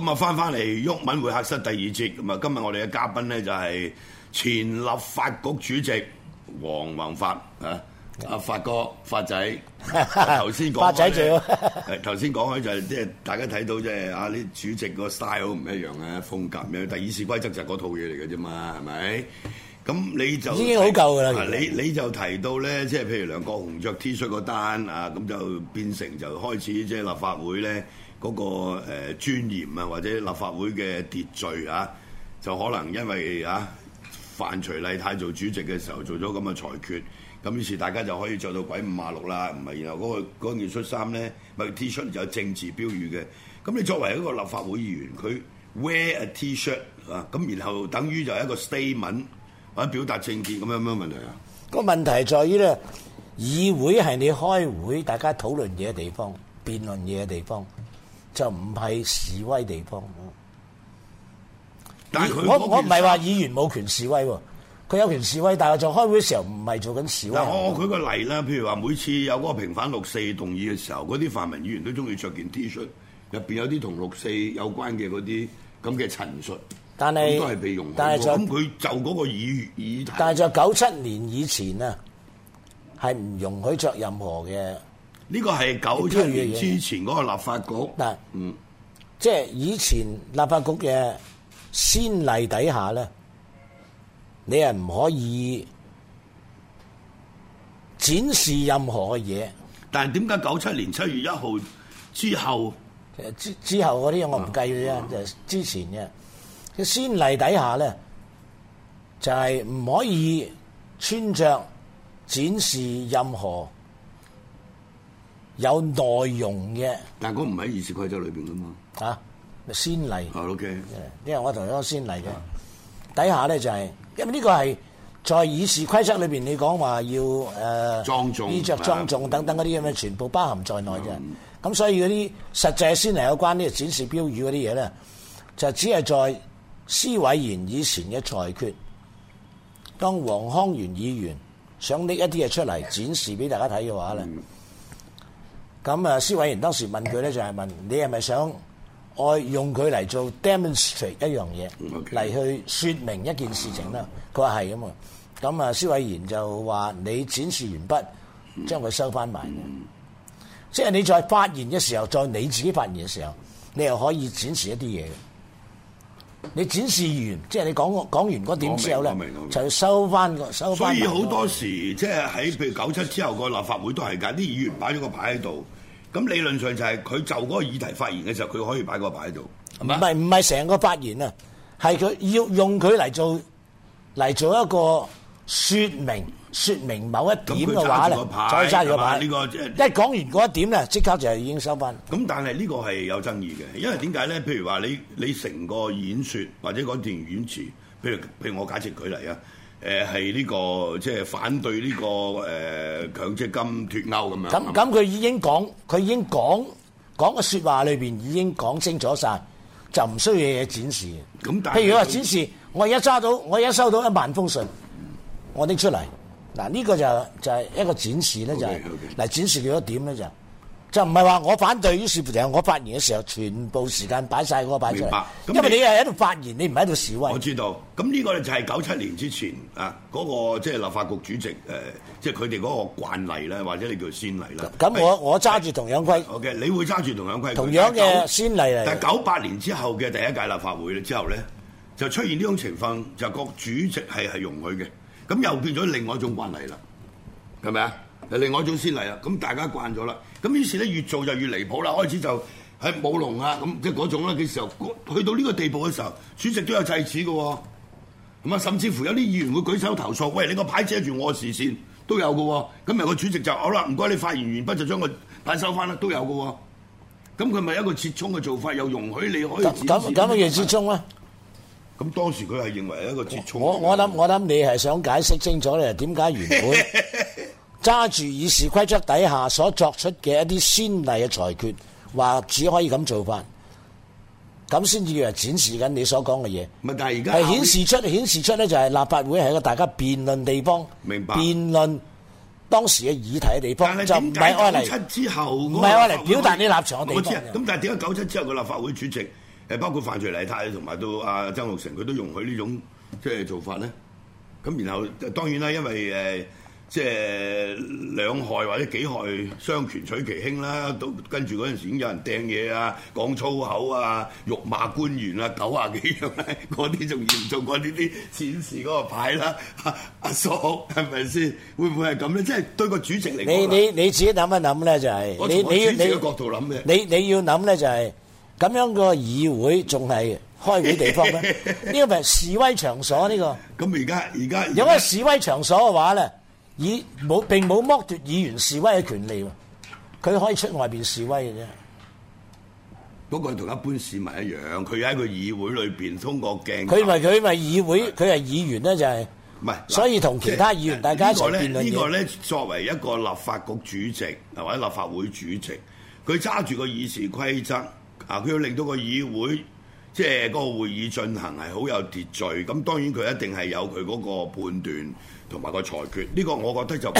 咁啊，翻翻嚟毓民會客室第二節。咁啊，今日我哋嘅嘉賓咧就係前立法局主席黃宏發啊，阿發哥、發仔，頭先講，發仔最好、 就是。誒，頭先講開就係即係大家睇到即係啊，啲主席個 style 唔一樣啊，風格咩？第二次規則就係嗰套嘢嚟嘅啫嘛，係咪？咁你就已經好夠噶啦。你你就提到咧，即係譬如梁國雄着 T 恤個單啊，咁就變成就開始即係、就是、立法會咧。嗰個誒尊嚴啊，或者立法會嘅秩序啊，就可能因為啊范徐麗泰做主席嘅時候做咗咁嘅裁決，咁於是大家就可以著到鬼五馬六啦。唔係，然後嗰、個嗰件恤衫咧，咪 T-shirt 就有政治標語嘅。咁你作為一個立法會議員，佢 wear a T-shirt 啊，咁然後等於就係一個 statement 或者表達政見咁樣咩問題啊？個問題在於咧，議會係你開會，大家討論嘢嘅地方，辯論嘢嘅地方。就唔係示威地方。但係佢我我唔係話議員冇權示威喎，佢有權示威，但係就開會嘅時候唔係做緊示威。我我舉個例啦，譬如話每次有嗰個平反六四動議嘅時候，嗰啲泛民議員都中意着件 T 恤，入邊有啲同六四有關嘅嗰啲咁嘅陳述，咁都係被容許。咁佢就嗰個議議題。但係就九七年以前啊，係唔容許着任何嘅。呢個係九七年之前個立法局。嗱，嗯，即係以前立法局嘅先例底下咧，你係唔可以展示任何嘅嘢。但係點解九七年七月一號之後，誒之之後啲嘢我唔計嘅啫，就係之前嘅。嘅先例底下咧，就係唔可以穿着展示任何，有內容嘅，但係唔喺議事規則裏邊噶嘛。啊，先例，啊、oh,，OK 因、yeah. 就是。因為我同你講先例嘅，底下咧就係，因為呢個係在議事規則裏邊，你講話要誒，衣着莊重等等嗰啲咁嘅，全部包含在內嘅。咁、yeah. 所以嗰啲實際先例有關啲展示標語嗰啲嘢咧，就只係在司委員以前嘅裁決，當黃康元議員想拎一啲嘢出嚟展示俾大家睇嘅話咧。Mm. 咁啊，施偉賢當時問佢咧，就係問你係咪想愛用佢嚟做 demonstrate 一樣嘢嚟去說明一件事情咧？佢話係咁嘛。咁啊，施偉賢就話你展示完畢，將佢收翻埋嘅。Mm. 即係你在發言嘅時候，再你自己發言嘅時候，你又可以展示一啲嘢。你展示完，即係你講講完個點之後咧，就收翻個收翻。所以好多時，即係喺譬如九七之後個立法會都係㗎，啲議員擺咗個牌喺度。咁理論上就係佢就個議題發言嘅時候，佢可以擺個牌喺度。係咪？唔係唔係成個發言啊，係佢要用佢嚟做嚟做一個說明。説明某一點嘅話咧，再揸個牌。呢、這個、就是、一講完嗰一點咧，即刻就已經收翻。咁但係呢個係有爭議嘅，因為點解咧？譬如話你你成個演説或者講段演辭，譬如譬如我解釋舉例啊，誒係呢個即係、就是、反對呢、這個誒、呃、強積金脱鈎咁樣。咁咁佢已經講，佢已經講講嘅説話裏邊已經講清楚晒，就唔需要嘢展示。咁譬如話展示，我而家揸到，我而家收到一萬封信，我拎出嚟。嗱、這、呢個就就係一個展示咧，就係嗱展示幾多點咧，就是就唔係話我反對於示威，我發言嘅時候全部時間擺晒嗰個擺在，因為你係喺度發言，你唔喺度示威。我知道咁呢個咧就係九七年之前啊嗰、那個即係立法局主席誒，即係佢哋嗰個慣例咧，或者你叫先例咧。咁我我揸住同樣規，OK，你會揸住同樣規，同樣嘅先例嚟。但係九八年之後嘅第一屆立法會之後咧，就出現呢種情況，就個、是、主席係係容許嘅。咁又變咗另外一種慣例啦，係咪啊？係另外一種先例啦。咁大家慣咗啦，咁於是咧越做就越離譜啦。開始就係舞龍啊，咁即嗰種啦嘅時候，去到呢個地步嘅時候，主席都有制止㗎喎。咁啊，甚至乎有啲議員會舉手投訴，喂，你個牌遮住我視線，都有㗎喎。咁啊，個主席就，好啦，唔該你發言完畢，就將個牌收翻啦，都有㗎喎。咁佢咪一個折衷嘅做法，又容許你可以嘅。咁咁嘅折衷啊！咁當時佢係認為係一個絕，我我諗我諗你係想解釋清楚咧，點解原本揸住議事規則底下所作出嘅一啲先例嘅裁決，話只可以咁做法，咁先至要係展示緊你所講嘅嘢。唔係，但而家係顯示出顯示出咧，就係立法會係一個大家辯論地方，明白辯論當時嘅議題嘅地方，就唔係擺出之唔係擺出嚟表達啲立場嘅地方。咁但係點解九七之後嘅立，立法會主席？誒包括范徐麗泰同埋到阿曾鈺成，佢都容許呢種即係做法咧。咁然後當然啦，因為誒即係兩害或者幾害，雙權取其輕啦。都跟住嗰陣時已經有人掟嘢啊，講粗口啊，辱罵官員啊，九啊幾樣咧。嗰啲仲嚴重過呢啲展示嗰個牌啦。阿叔係咪先？會唔會係咁咧？即係對個主席嚟講，你你你自己諗一諗咧、就係，就係你從我主席角度諗嘅。你你，你要諗咧就係、係。咁樣個議會仲係開會的地方咩？呢個咪示威場所呢個？咁而家而家有個示威場所嘅話咧？以冇並冇剝奪議員示威嘅權利，佢可以出外邊示威嘅啫。不過同一般市民一樣，佢喺個議會裏邊通過鏡。佢咪佢咪議會，佢係議員咧，就係唔係？所以同其他議員大家一齊辯論嘢。呢、這個咧、這個這個，作為一個立法局主席，或者立法會主席，佢揸住個議事規則。啊！佢要令到個議會即係嗰個會議進行係好有秩序。咁當然佢一定係有佢嗰個判斷同埋個裁決。呢個我覺得就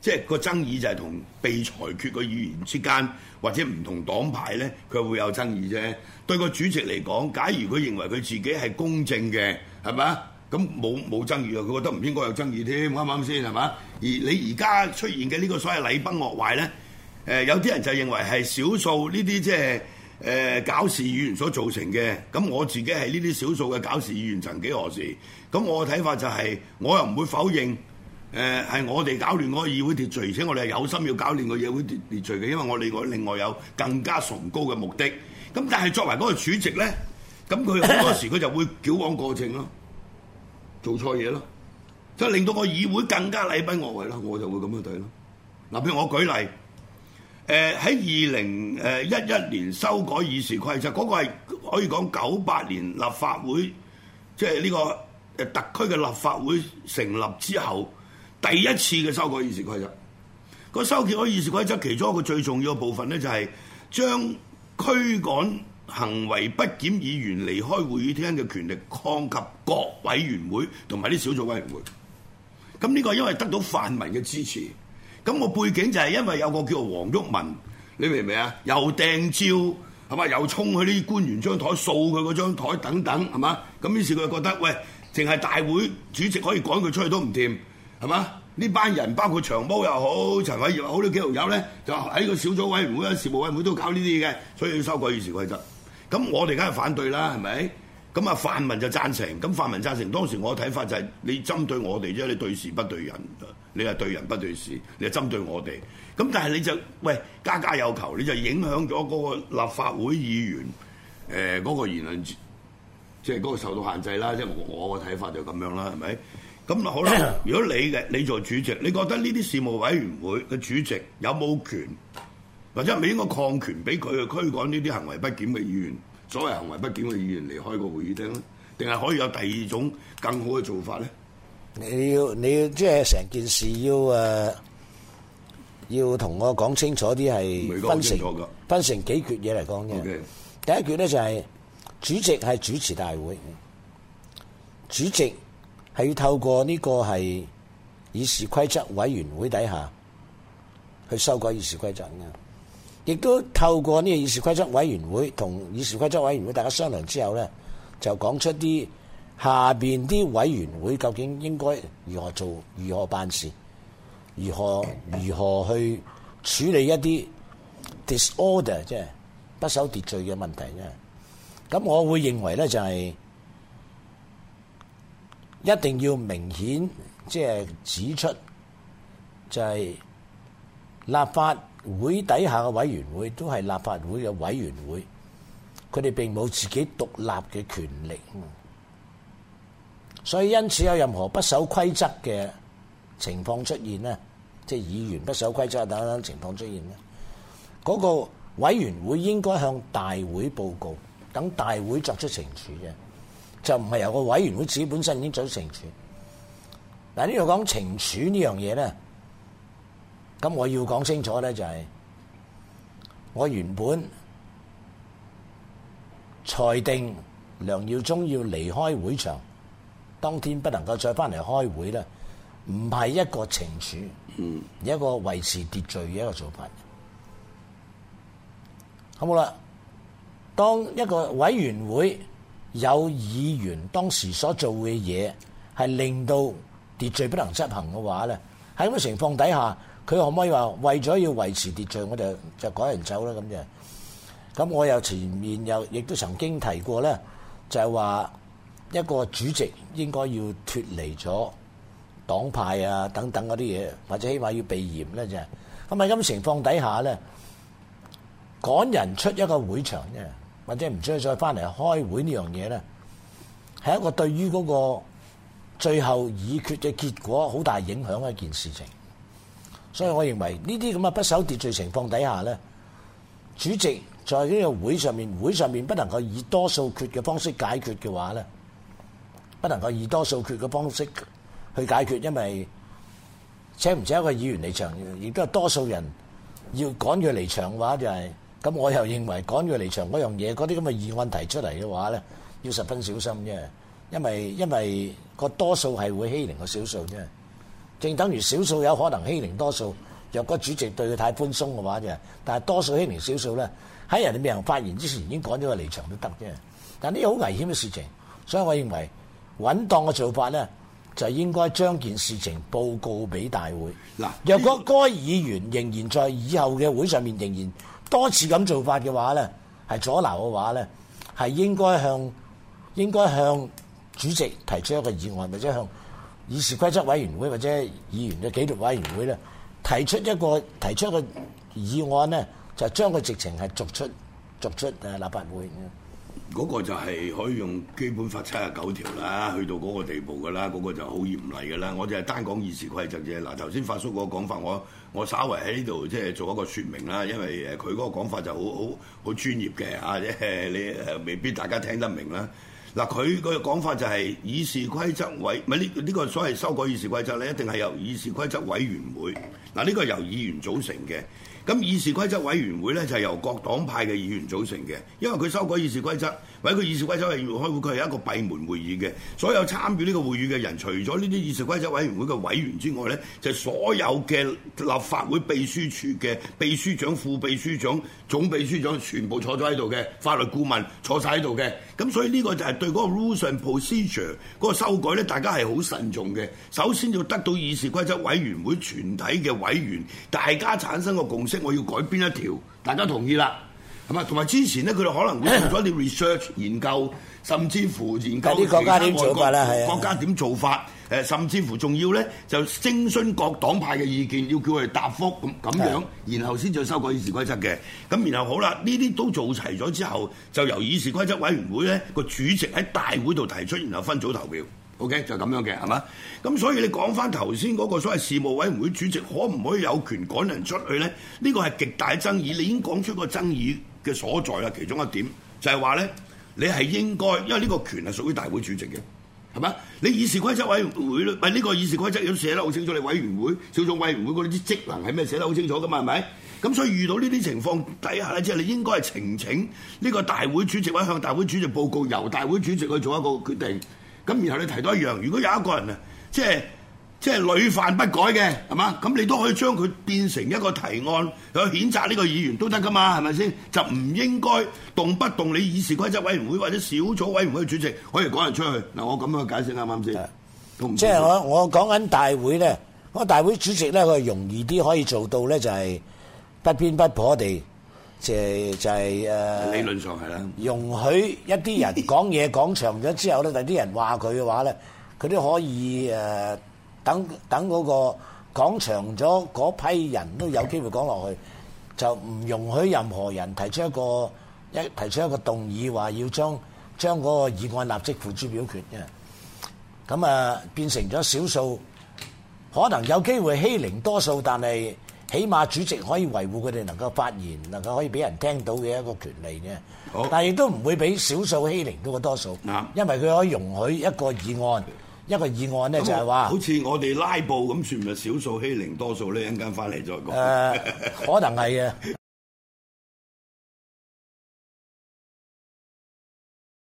即係個爭議就係同被裁決嘅議員之間或者唔同黨派呢，佢會有爭議啫。對個主席嚟講，假如佢認為佢自己係公正嘅，係咪？咁冇冇爭議啊？佢覺得唔應該有爭議添，啱啱先係嘛？而你而家出現嘅呢個所謂禮崩樂壞呢，誒有啲人就認為係少數呢啲即係。誒、呃、搞事議員所造成嘅，咁我自己係呢啲少數嘅搞事議員，曾幾何時？咁我嘅睇法就係、是，我又唔會否認，誒、呃、係我哋搞亂嗰個議會秩序，而且我哋係有心要搞亂個議會秩序嘅，因為我哋另外有更加崇高嘅目的。咁但係作為嗰個主席咧，咁佢好多時佢就會矯枉過正咯，做錯嘢咯，即係令到個議會更加禮崩我壞啦，我就會咁樣睇啦。嗱，譬如我舉例。誒，喺二零誒一一年修改議事規則，嗰、嗰個係可以講九八年立法會，即係呢個誒特區嘅立法會成立之後第一次嘅修改議事規則。嗰個修改議事規則其中一個最重要嘅部分咧，就係、係、將驅趕行為不檢議員離開會議廳嘅權力擴及各委員會同埋啲小組委員會。咁呢個係因為得到泛民嘅支持。咁個背景就係因為有個叫做黃毓民，你明唔明啊？又掟蕉，係嘛，又衝佢啲官員張台掃佢嗰張台等等係嘛？咁於是佢覺得喂，淨係大會主席可以趕佢出去都唔掂係嘛？呢班人包括長毛又好，陳偉業又好啲基友咧，就喺個小組委員會、事務委員會都搞呢啲嘅，所以要修改議事規則。咁我哋梗係反對啦，係咪？咁啊泛民就贊成，咁泛民贊成當時我嘅睇法就係、是、你針對我哋啫，你對事不對人。你係對人不對事，你係針對我哋。咁但係你就喂，家家有求，你就影響咗嗰個立法會議員，誒、呃、嗰、那個言論，即係嗰個受到限制啦。即、就、係、是、我我個睇法就咁樣啦，係咪？咁嗱好啦，如果你嘅你做主席，你覺得呢啲事務委員會嘅主席有冇權，或者係咪應該擴權俾佢去驅趕呢啲行為不檢嘅議員？所謂行為不檢嘅議員離開個會議廳咧，定係可以有第二種更好嘅做法咧？你要你要即係成件事要誒、呃，要同我講清楚啲係分成分成幾決嘢嚟講嘅。Okay. 第一決咧就係主席係主持大會，主席係要透過呢個係議事規則委員會底下去修改議事規則嘅，亦都透過呢個議事規則委員會同議事規則委員會大家商量之後咧，就講出啲。下邊啲委員會究竟應該如何做、如何辦事、如何如何去處理一啲 disorder，即係不守秩序嘅問題咧？咁我會認為咧就係一定要明顯即係指出，就係立法會底下嘅委員會都係立法會嘅委員會，佢哋並冇自己獨立嘅權力。所以因此有任何不守規則嘅情況出現咧，即係議員不守規則等等情況出現咧，嗰、那個委員會應該向大會報告，等大會作出懲處嘅，就唔係由個委員會自己本身已經作出懲處。嗱呢度講懲處呢樣嘢咧，咁我要講清楚咧就係、是、我原本裁定梁耀忠要離開會場。當天不能夠再翻嚟開會咧，唔係一個懲處，嗯，一個維持秩序嘅一個做法。好啦，當一個委員會有議員當時所做嘅嘢係令到秩序不能執行嘅話咧，喺咁嘅情況底下，佢可唔可以話為咗要維持秩序，我就就趕人走咧咁樣？咁我又前面又亦都曾經提過咧，就係話。一個主席應該要脫離咗黨派啊，等等嗰啲嘢，或者起碼要避嫌咧，就係咁喺咁情況底下咧，趕人出一個會場啫，或者唔需要再翻嚟開會呢樣嘢咧，係一個對於嗰個最後議決嘅結果好大影響嘅一件事情。所以，我認為呢啲咁嘅不守秩序情況底下咧，主席在呢個會上面，會上面不能夠以多數決嘅方式解決嘅話咧。不能夠以多數決嘅方式去解決，因為請唔請一個議員離場，亦都係多數人要趕佢離場嘅話，就係咁。我又認為趕佢離場嗰樣嘢，嗰啲咁嘅議案提出嚟嘅話咧，要十分小心啫。因為因為個多數係會欺凌個少數啫，正等於少數有可能欺凌多數。若果主席對佢太寬鬆嘅話啫，但係多數欺凌少數咧，喺人哋未行發言之前已經趕咗佢離場都得啫。但呢啲好危險嘅事情，所以我認為。穩當嘅做法呢，就應該將件事情報告俾大會。嗱，若果該議員仍然在以後嘅會上面仍然多次咁做法嘅話呢係阻撓嘅話呢係應該向應該向主席提出一個議案，或者向議事規則委員會或者議員嘅紀律委員會呢，提出一個提出一個議案呢，就將個直情係逐出逐出誒立法會。嗰、嗰個就係可以用基本法七十九條啦，去到嗰個地步㗎啦，嗰、嗰個就好嚴厲㗎啦。我就係單講議事規則啫。嗱，頭先發叔嗰個講法，我我稍為喺呢度即係做一個說明啦，因為誒佢嗰個講法就好好好專業嘅即係你未必大家聽得明啦。嗱，佢個講法就係議事規則委唔係呢？呢個所謂修改議事規則咧，一定係由議事規則委員會。嗱，呢個由議員組成嘅。咁議事規則委員會咧就是，由各黨派嘅議員組成嘅，因為佢修改議事規則委佢議事規則委員會開會，佢係一個閉門會議嘅。所有參與呢個會議嘅人，除咗呢啲議事規則委員會嘅委員之外呢就所有嘅立法會秘書處嘅秘書長、副秘書長、總秘書長全部坐咗喺度嘅，法律顧問坐晒喺度嘅。咁所以呢個就係對嗰個 Rules and Procedure 嗰個修改呢，大家係好慎重嘅。首先要得到議事規則委員會全體嘅委員大家產生個共識，我要改邊一條，大家同意啦。同埋之前呢，佢哋可能會做咗啲 research 研究，甚至乎研究其他外國國家點做法，誒，甚至乎仲要呢，就徵詢各黨派嘅意見，要叫佢哋答覆咁咁樣，然後先再修改議事規則嘅。咁然後好啦，呢啲都做齊咗之後，就由議事規則委員會呢個主席喺大會度提出，然後分組投票。嗯、OK，就咁樣嘅係嘛？咁所以你講翻頭先嗰個所謂事務委員會主席可唔可以有權趕人出去呢？呢、呢個係極大爭議。你已經講出個爭議。嘅所在啊，其中一點就係話咧，你係應該，因為呢個權係屬於大會主席嘅，係嘛？你議事規則委員會，唔係呢個議事規則有寫得好清楚，你委員會、小組委員會嗰啲職能係咩寫得好清楚嘅嘛？係咪？咁所以遇到呢啲情況底下咧，即係你應該係澄清呢個大會主席或者向大會主席報告，由大會主席去做一個決定。咁然後你提到一樣，如果有一個人啊，即係。即係屢犯不改嘅，係嘛？咁你都可以將佢變成一個提案去譴責呢個議員都得㗎嘛，係咪先？就唔應該動不動你議事規則委員會或者小組委員會嘅主席可以趕人出去嗱？我咁樣解釋啱唔啱先？即係、就是、我我講緊大會咧，我大會主席咧，佢容易啲可以做到咧，就係不偏不頗地，即係就係、是、誒、呃、理論上係啦，容許一啲人講嘢講長咗之後咧，第 啲人話佢嘅話咧，佢都可以誒。呃等等嗰個講長咗嗰批人都有機會講落去，就唔容許任何人提出一個一提出一個動議話要將將嗰個議案立即付諸表決嘅。咁啊，變成咗少數可能有機會欺凌多數，但係起碼主席可以維護佢哋能夠發言，能夠可以俾人聽到嘅一個權利嘅。但係亦都唔會俾少數欺凌到個多數，因為佢可以容許一個議案。一個議案咧就係話，好似我哋拉布咁，算唔係少數欺凌多數咧，一陣間翻嚟再講。誒， 可能係啊。